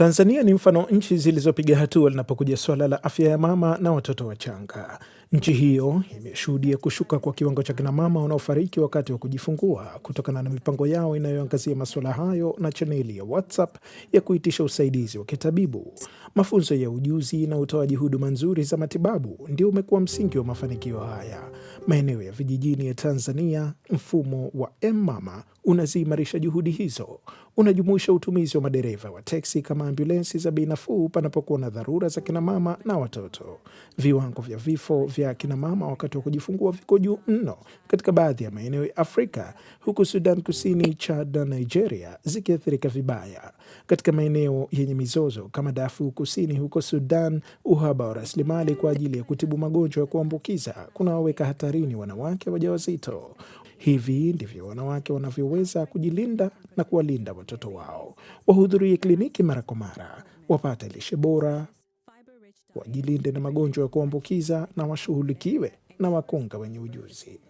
Tanzania ni mfano nchi zilizopiga hatua linapokuja suala la afya ya mama na watoto wachanga. Nchi hiyo imeshuhudia kushuka kwa kiwango cha kinamama wanaofariki wakati wa kujifungua kutokana na mipango yao inayoangazia masuala hayo na chaneli ya WhatsApp ya kuitisha usaidizi wa kitabibu. Mafunzo ya ujuzi na utoaji huduma nzuri za matibabu ndio umekuwa msingi wa mafanikio haya. Maeneo ya vijijini ya Tanzania, mfumo wa mmama unaziimarisha juhudi hizo. Unajumuisha utumizi wa madereva wa teksi kama ambulensi za bei nafuu panapokuwa na dharura za kinamama na watoto. Viwango vya vifo vya afya ya mama wakati wa kujifungua viko juu mno katika baadhi ya maeneo ya Afrika, huku Sudan Kusini, Chad na Nigeria zikiathirika vibaya. Katika maeneo yenye mizozo kama Darfur Kusini huko Sudan, uhaba wa rasilimali kwa ajili ya kutibu magonjwa ya kuambukiza kunaoweka hatarini wanawake wajawazito. Hivi ndivyo wanawake wanavyoweza kujilinda na kuwalinda watoto wao: wahudhurie kliniki mara kwa mara, wapate lishe bora wajilinde na magonjwa ya kuambukiza na washughulikiwe na wakunga wenye ujuzi.